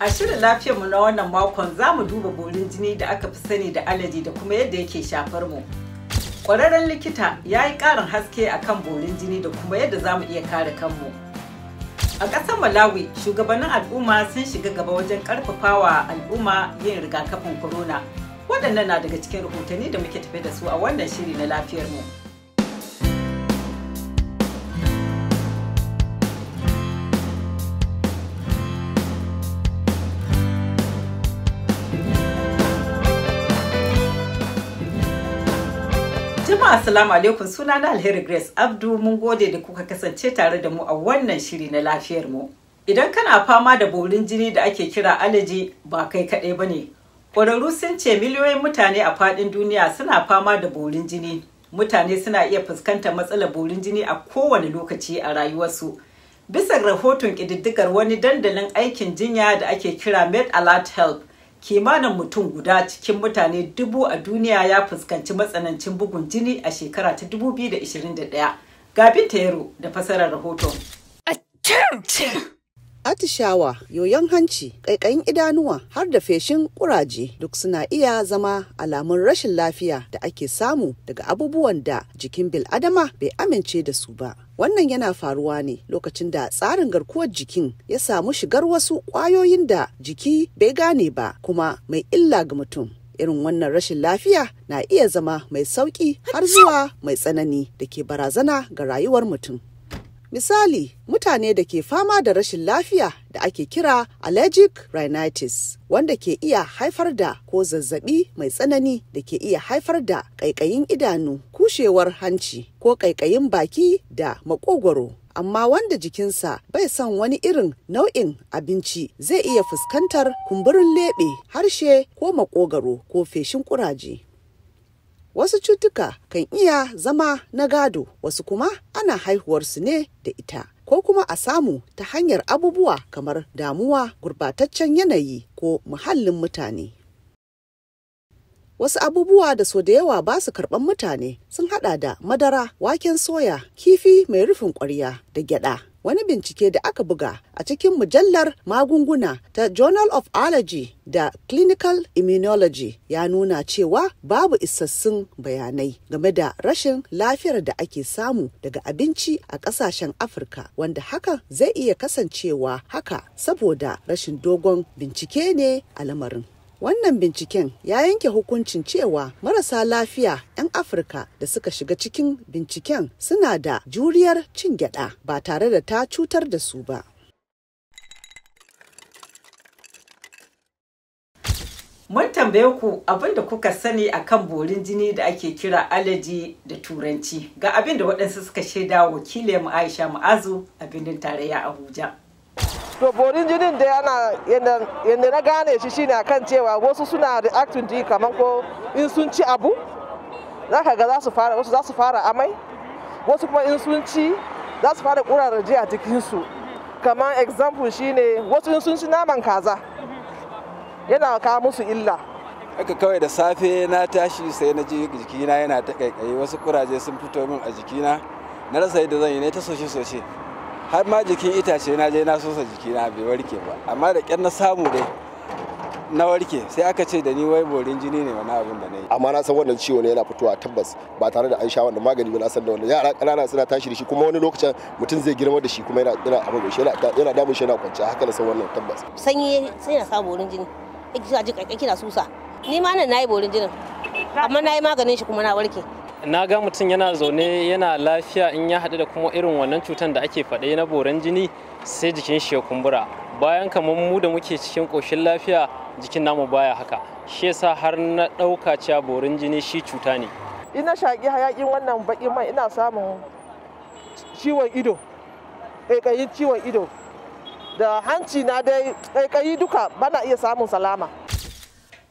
A shirin lafiyar mu na wannan makon za mu duba borin jini da aka fi sani da alaji da kuma yadda yake shafar mu. Ƙwararren likita ya yi ƙarin haske a kan borin jini da kuma yadda za mu iya kare kanmu. A ƙasar Malawi, shugabannin al'umma sun shiga gaba wajen ƙarfafawa al'umma yin rigakafin corona. Waɗannan na daga cikin rahotanni da muke tafe da su a wannan shiri na lafiyar mu. Jama'a salamu alaikum suna na Alheri Grace Abdu mun gode da kuka kasance tare da mu a wannan shiri na lafiyar mu. Idan kana fama da borin jini da ake kira alaji ba kai kaɗai ba ne. Ƙwararru sun ce miliyoyin mutane a faɗin duniya suna fama da borin jini. Mutane suna iya fuskantar matsalar borin jini a kowane lokaci a rayuwarsu. Bisa rahoton ƙididdigar wani dandalin aikin jinya da ake kira Med Alert Health". kimanin mutum guda cikin mutane dubu a duniya ya fuskanci matsanancin bugun jini a shekara ta 2021 ga Binta Yaro da fasarar rahoton. atishawa yoyon hanci ƙaiƙayin idanuwa har da feshin ƙuraje duk suna iya zama alamun rashin lafiya da ake samu daga abubuwan da jikin bil'adama bai amince da su ba wannan yana faruwa ne lokacin da tsarin garkuwar jikin ya samu shigar wasu ƙwayoyin da jiki bai gane ba kuma mai illa ga mutum irin wannan rashin lafiya na iya zama mai sauƙi har zuwa mai tsanani da ke barazana ga rayuwar mutum Misali, mutane da ke fama da rashin lafiya da ake kira allergic rhinitis, wanda ke iya haifar da ko zazzabi mai tsanani da ke iya haifar da ƙaiƙayin idanu, kushewar hanci ko ƙaiƙayin baki da makogwaro. amma wanda jikinsa bai son wani irin nau'in abinci zai iya fuskantar kumburin leɓe harshe ko makogaro ko feshin kuraje Wasu cutuka kan iya zama na gado, wasu kuma ana haihuwarsu ne da ita. ko kuma a samu ta hanyar abubuwa kamar damuwa gurbataccen yanayi ko muhallin mutane. Wasu abubuwa da so da yawa ba su karɓan mutane sun haɗa da madara, waken soya, kifi mai rufin ƙwarya da gyaɗa. wani bincike da aka buga a cikin mujallar magunguna ta Journal of Allergy da Clinical Immunology ya nuna cewa babu isassun bayanai game da rashin lafiyar da ake samu daga abinci a ƙasashen Afirka wanda haka zai iya kasancewa haka saboda rashin dogon bincike ne a lamarin. Wannan binciken ya yanke hukuncin cewa marasa lafiya 'yan Afirka da suka shiga cikin binciken suna da juriyar cin gyada ba tare da ta cutar da su ba. Mun tambaye ku abin da kuka sani a kan borin jini da ake kira alaji da turanci ga abin da waɗansu suka shaida wakilin Aisha Ma'azu a birnin tarayya Abuja. to jinin da yana yadda na gane shi shine akan cewa wasu suna reacting to kamar ko in sun ci abu za ka ga za su fara wasu za su fara amai wasu kuma in sun ci za su fara kurarraji a jikinsu kamar example shine wasu in sun ci naman kaza yana kawo musu illa haka kawai da safe na tashi sai na ji jikina yana ta kaikayi wasu kuraje sun fito min a jikina na rasa yadda zan yi ne ta soshe soshe har ma jikin itace na je na sosa jiki na bai warke ba amma da ƙyar na samu dai na warke sai aka ce da ni wai borin jini ne wani abin da na yi amma na san wannan ciwo ne yana fitowa tabbas ba tare da an sha wannan magani ba na san da wannan yara ƙanana suna tashi da shi kuma wani lokacin mutum zai girma da shi kuma yana yana abin shi yana damun shi yana kwanci haka na san wannan tabbas sanyi sai na samu borin jini yake ji kina susa ni ma nan nayi borin jinin amma nayi maganin shi kuma na warke na ga mutum yana zaune yana lafiya in ya haɗu da kuma irin wannan cutar da ake faɗe na boran jini sai jikin shi ya kumbura bayan kamar mu da muke cikin ƙoshin lafiya jikin namu baya haka shi yasa har na ɗauka cewa borin jini shi cuta ne ina shaƙi hayaƙin wannan baƙin mai ina samun ciwon ido ƙaiƙayi ciwon ido da hanci na dai ƙaiƙayi duka bana iya samun salama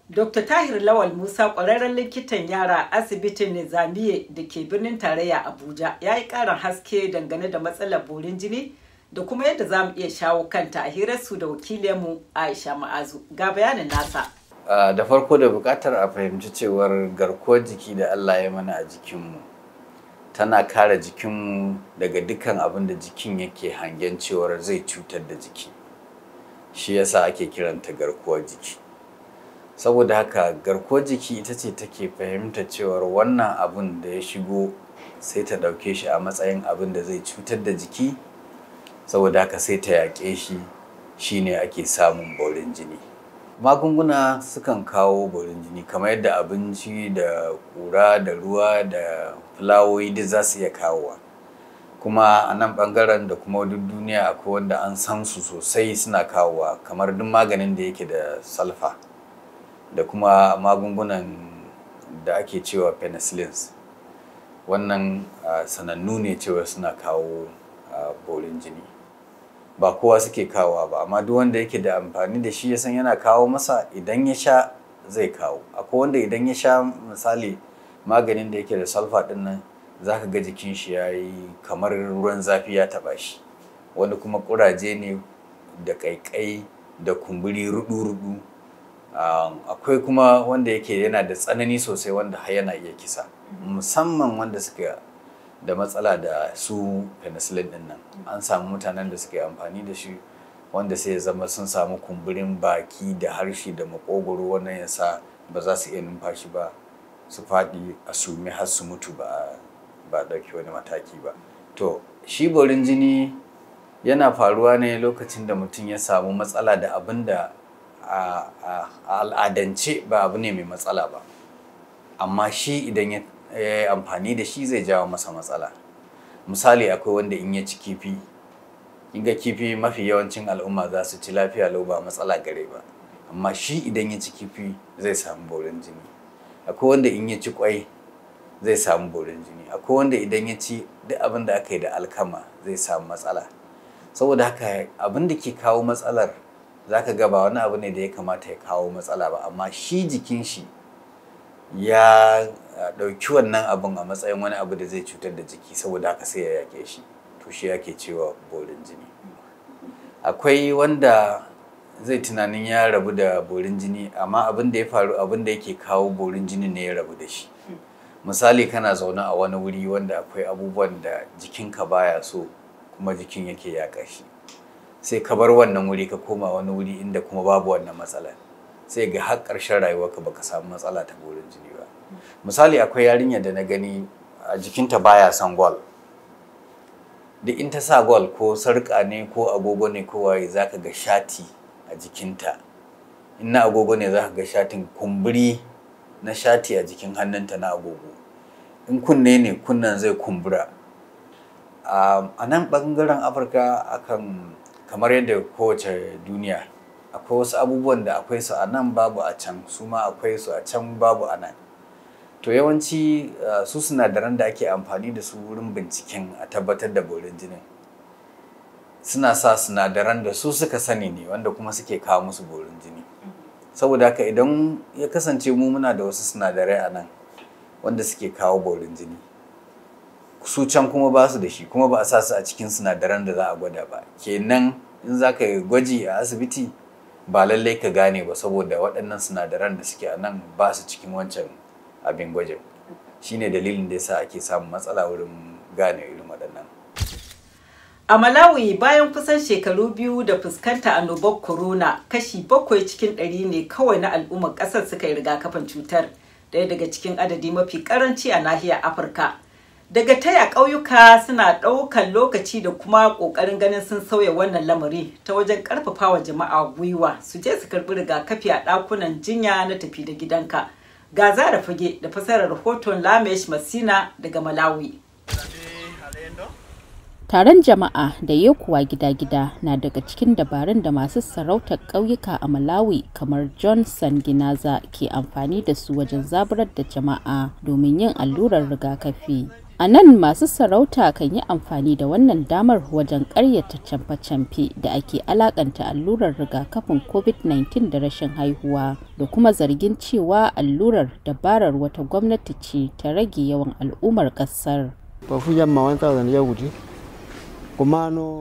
Dr. Tahir Lawal Musa ƙwararren likitan yara asibitin Nizamiye da ke birnin tarayya Abuja ya yi ƙarin haske dangane da matsalar borin jini da kuma yadda za mu iya shawo kanta a hirarsu da wakilinmu Aisha Ma'azu ga bayanin nasa. da farko da buƙatar a fahimci cewar garkuwar jiki da Allah ya mana a jikinmu tana kare jikinmu daga dukkan abin da jikin yake hangen cewar zai cutar da jiki shi yasa ake kiranta garkuwar jiki. saboda haka garkuwar jiki ita ce take fahimta cewar wannan abun da ya shigo sai ta ɗauke shi a matsayin abin da zai cutar da jiki saboda haka sai ta yaƙe shi shine ake samun borin jini magunguna sukan kawo borin jini kamar yadda abinci da ƙura da ruwa da fulawoyi duk za su iya kawowa kuma a nan ɓangaren da kuma duk duniya akwai wanda an san su sosai suna kawowa kamar duk maganin da yake da salfa da kuma magungunan da ake cewa penicillins wannan sanannu ne cewa suna kawo borin jini ba kowa suke kawowa ba amma duk wanda yake da amfani da shi ya san yana kawo masa idan ya sha zai kawo akwai wanda idan ya sha misali maganin da yake da sulfa din nan za ka ga jikin shi ya yi kamar ruwan zafi ya taɓa shi wani kuma ƙuraje ne da ƙaiƙai da kumburi rudu-rudu Um, akwai kuma wanda yake yana da tsanani sosai wanda yana iya kisa mm-hmm. musamman wanda suka da matsala da su penicillin din nan mm-hmm. an samu mutanen da suke amfani da shi wanda sai ya zama sun samu kumburin baki da harshe da makogoro wannan ya sa ba za su iya numfashi ba su faɗi a sumi har su mutu ba ba ɗauki wani mataki ba to shi borin jini yana faruwa ne lokacin da mutum ya samu matsala da abin da a al'adance ba abu ne mai matsala ba amma shi idan ya yi amfani da shi zai jawo masa matsala misali akwai wanda in ya ci kifi in kifi mafi yawancin al'umma za su ci lafiya lau ba matsala gare ba amma shi idan ya ci kifi zai samu borin jini akwai wanda in ya ci kwai zai samu borin jini akwai wanda idan ya ci duk abin da aka yi da alkama zai samu matsala saboda haka abin da ke kawo matsalar za ka ga ba wani abu ne da ya kamata ya kawo matsala ba amma shi jikin shi ya ɗauki wannan abun a matsayin wani abu da zai cutar da jiki saboda haka sai ya yake shi to shi yake cewa borin jini akwai wanda zai tunanin ya rabu da borin jini amma abin da ya faru abin da yake kawo borin jini ne ya rabu da shi misali kana zaune a wani wuri wanda akwai abubuwan da jikinka baya so kuma jikin yake yaƙa shi sai ka bar wannan wuri ka koma wani wuri inda kuma babu wannan matsala sai ga har ƙarshen rayuwarka baka samu matsala ta gurin jini ba misali akwai yarinya da na gani a jikinta baya son gwal duk in ta sa gwal ko sarƙa ne ko agogo ne ko waye za ka ga shati a jikinta in na agogo ne za ka ga shatin kumburi na shati a jikin hannunta na agogo in kunne ne kunnen zai kumbura a nan ɓangaren afirka akan kamar yadda kowace duniya akwai wasu abubuwan da akwai su a nan babu a can su ma akwai su a can babu a nan to yawanci eh, su sinadaran da ake amfani da su wurin binciken a tabbatar da borin jinin suna sa sinadaran da su suka sani ne wanda kuma suke kawo musu borin jini saboda haka idan ya kasance mu muna da wasu sinadarai a nan wanda suke kawo borin jini su can kuma ba su da shi kuma ba a sa su a cikin sinadaran da za a gwada ba kenan in za ka yi gwaji a asibiti ba lallai ka gane ba saboda waɗannan sinadaran da suke a nan ba su cikin wancan abin gwajin shine dalilin da yasa ake samun matsala wurin gane irin waɗannan a malawi bayan kusan shekaru biyu da fuskanta annobar corona kashi bakwai cikin ɗari ne kawai na al'ummar ƙasar suka yi rigakafin cutar ɗaya daga cikin adadi mafi karanci a nahiyar afirka daga taya ƙauyuka suna ɗaukar lokaci da kuma ƙoƙarin ganin sun sauya wannan lamari ta wajen ƙarfafawa jama'a gwiwa su je su karɓi rigakafi a ɗakunan jinya na tafi da gidanka ga da fage da fasarar rahoton lamesh masina daga malawi taron jama'a da ya gida-gida na daga cikin dabarun da masu sarautar ƙauyuka a malawi kamar johnson ginaza ke amfani da su wajen zaburar da jama'a domin yin allurar rigakafi a nan masu sarauta kan yi amfani da wannan damar wajen karyata camfe-camfe da ake alakanta allurar rigakafin covid-19 da rashin haihuwa da kuma zargin cewa allurar dabarar wata gwamnati ce ta rage yawan al'ummar kasar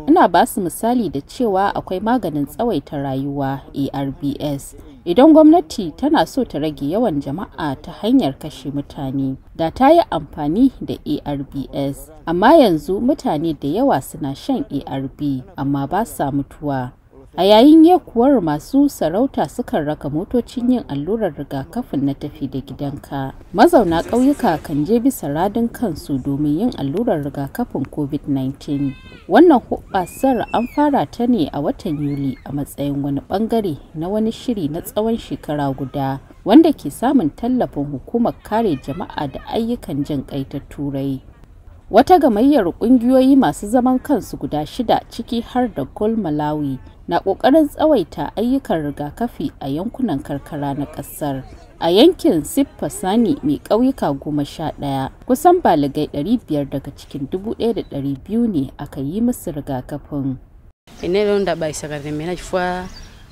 Ina ba su misali da cewa akwai maganin tsawaita rayuwa ARBS idan gwamnati tana so ta rage yawan jama'a ta hanyar kashe mutane da ta yi amfani da arbs amma yanzu mutane da yawa suna shan arb amma ba sa mutuwa a yayin yakuwar masu sarauta sukan raka motocin yin allurar rigakafin na tafi da gidanka mazauna ƙauyuka kan je bisa radin kansu domin yin allurar rigakafin covid-19 wannan hubbasar an fara ta ne a watan yuli a matsayin wani bangare na wani shiri na tsawon shekara guda wanda ke samun tallafin hukumar kare jama'a da ayyukan jin ta turai wata gamayyar ƙungiyoyi masu zaman kansu guda shida ciki har da gol malawi na kokarin tsawaita ayyukan rigakafi a yankunan karkara na kasar a yankin siffasani mai ƙauyuka goma sha ɗaya kusan baligai 500 daga cikin 1,200 ne aka yi musu rigakafin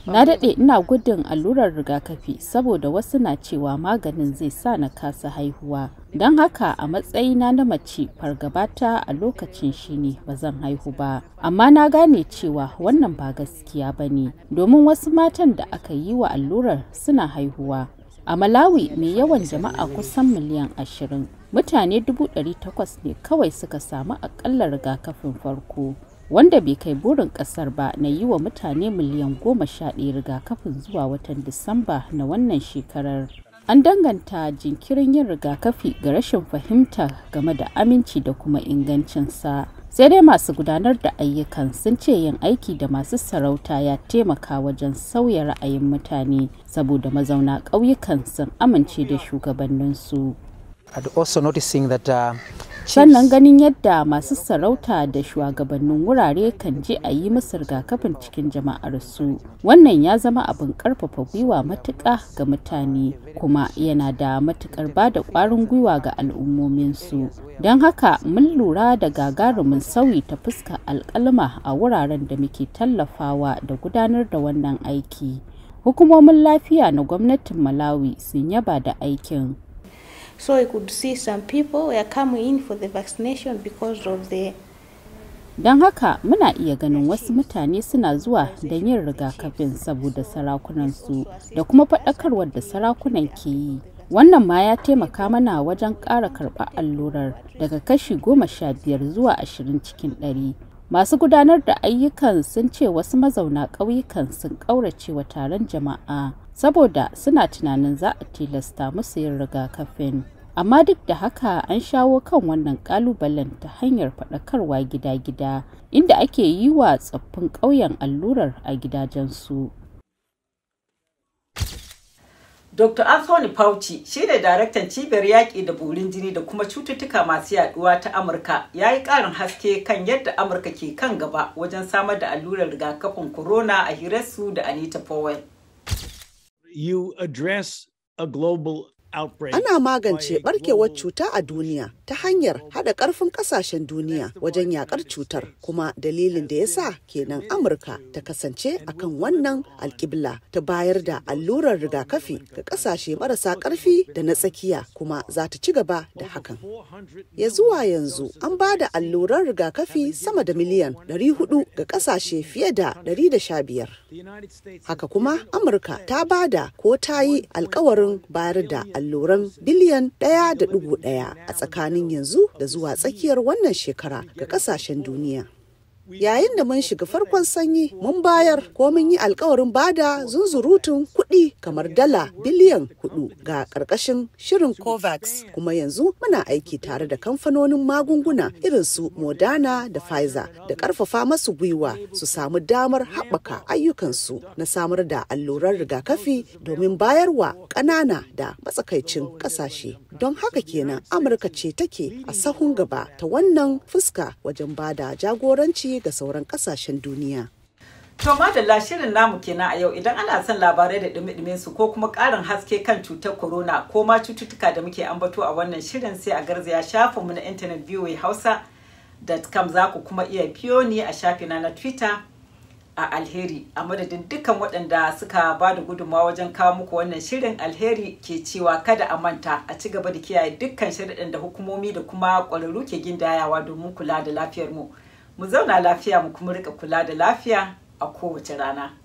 na daɗe ina gudun allurar rigakafi saboda wasu na cewa maganin zai sa na kasa haihuwa don haka a matsayina na mace fargabata a lokacin shine ba zan haihu ba amma na gane cewa wannan ba gaskiya ba ne domin wasu matan da aka yi wa allurar suna haihuwa a malawi mai yawan jama'a kusan miliyan ashirin mutane dubu ɗari takwas ne kawai suka samu akalla rigakafin farko wanda bai kai burin kasar ba na yi wa mutane miliyan goma sha ɗaya rigakafin zuwa watan disamba na wannan shekarar an danganta jinkirin yin rigakafi ga rashin fahimta game da aminci da kuma ingancinsa sai dai masu gudanar da ayyukan sun ce yin aiki da masu sarauta ya taimaka wajen sauya ra'ayin mutane saboda mazauna ƙauyukan sun amince da shugabanninsu Uh, sannan ganin yadda masu sarauta da shugabannin wurare kan je a yi masa rigakafin cikin jama'arsu wannan ya zama abin karfafa gwiwa matuƙa ga mutane kuma yana da matukar ba da ƙwarin gwiwa ga al'ummominsu don haka mun lura da gagarumin sauyi ta fuskar alƙalma a wuraren da muke tallafawa da gudanar da wannan aiki hukumomin lafiya na gwamnatin malawi sun yaba da aikin So I could see some people were coming in for the vaccination because of the Don haka muna iya ganin wasu mutane suna zuwa don yin rigakafin saboda sarakunansu da kuma faɗakarwar da sarakunan ke yi. Wannan ma ya taimaka mana wajen ƙara karɓar allurar daga kashi goma sha biyar zuwa ashirin cikin ɗari masu gudanar da ayyukan sun ce wasu mazauna ƙauyukan sun ƙaurace wa taron jama'a saboda suna tunanin za a tilasta musu yin rigakafin amma duk da haka an shawo kan wannan ƙalubalen ta hanyar faɗakarwa gida-gida inda ake yi wa tsoffin ƙauyen allurar a gidajensu Dr. Anthony Fauci shi shine daraktan cibiyar yaƙi da burin jini da kuma cututtuka masu yaduwa ta Amurka ya yi ƙarin haske kan yadda Amurka ke kan gaba wajen samar da allurar rigakafin corona a hirarsu da Anita Powell. You address Ana magance barkewar cuta a duniya ta hanyar haɗa ƙarfin ƙasashen duniya wajen yaƙar cutar kuma dalilin da ya sa kenan Amurka ta kasance akan wannan alƙibla ta bayar da allurar rigakafi ga ƙasashe marasa ƙarfi da na tsakiya kuma za ta ci gaba da hakan. Ya zuwa yanzu an ba da allurar rigakafi sama da miliyan 400 ga ƙasashe fiye da 115. Haka kuma Amurka ta ba da ko ta yi alkawarin bayar da allurar alluran biliyan 1.1 a tsakanin yanzu da zuwa tsakiyar wannan shekara ga kasashen duniya. Yayin da mun shiga farkon sanyi mun bayar ko mun yi alkawarin bada zunzurutun kuɗi kamar dala biliyan hudu ga ƙarƙashin shirin COVAX kuma yanzu muna aiki tare da kamfanonin magunguna irin su modana da Pfizer da ƙarfafa masu gwiwa su samu damar haɓaka ayyukansu na samar da allurar rigakafi domin bayarwa ƙanana da matsakaicin ƙasashe. Don haka kenan Amurka ce take a sahun gaba ta wannan fuska wajen bada jagoranci haske ga sauran ƙasashen duniya. To madalla shirin namu kenan a yau idan ana son labarai da dumi su ko kuma karin haske kan cutar corona ko ma cututtuka da muke ambato a wannan shirin sai a garzaya mu na intanet voa hausa.com za ku kuma iya biyo ni a shafina na twitter a alheri a madadin dukkan waɗanda suka ba da gudunmawa wajen kawo muku wannan shirin alheri ke cewa kada a manta a ci gaba da kiyaye dukkan sharaɗin da hukumomi da kuma ƙwararru ke gindayawa domin kula da lafiyar mu. mu zauna lafiya mu kuma rika kula da lafiya a kowace rana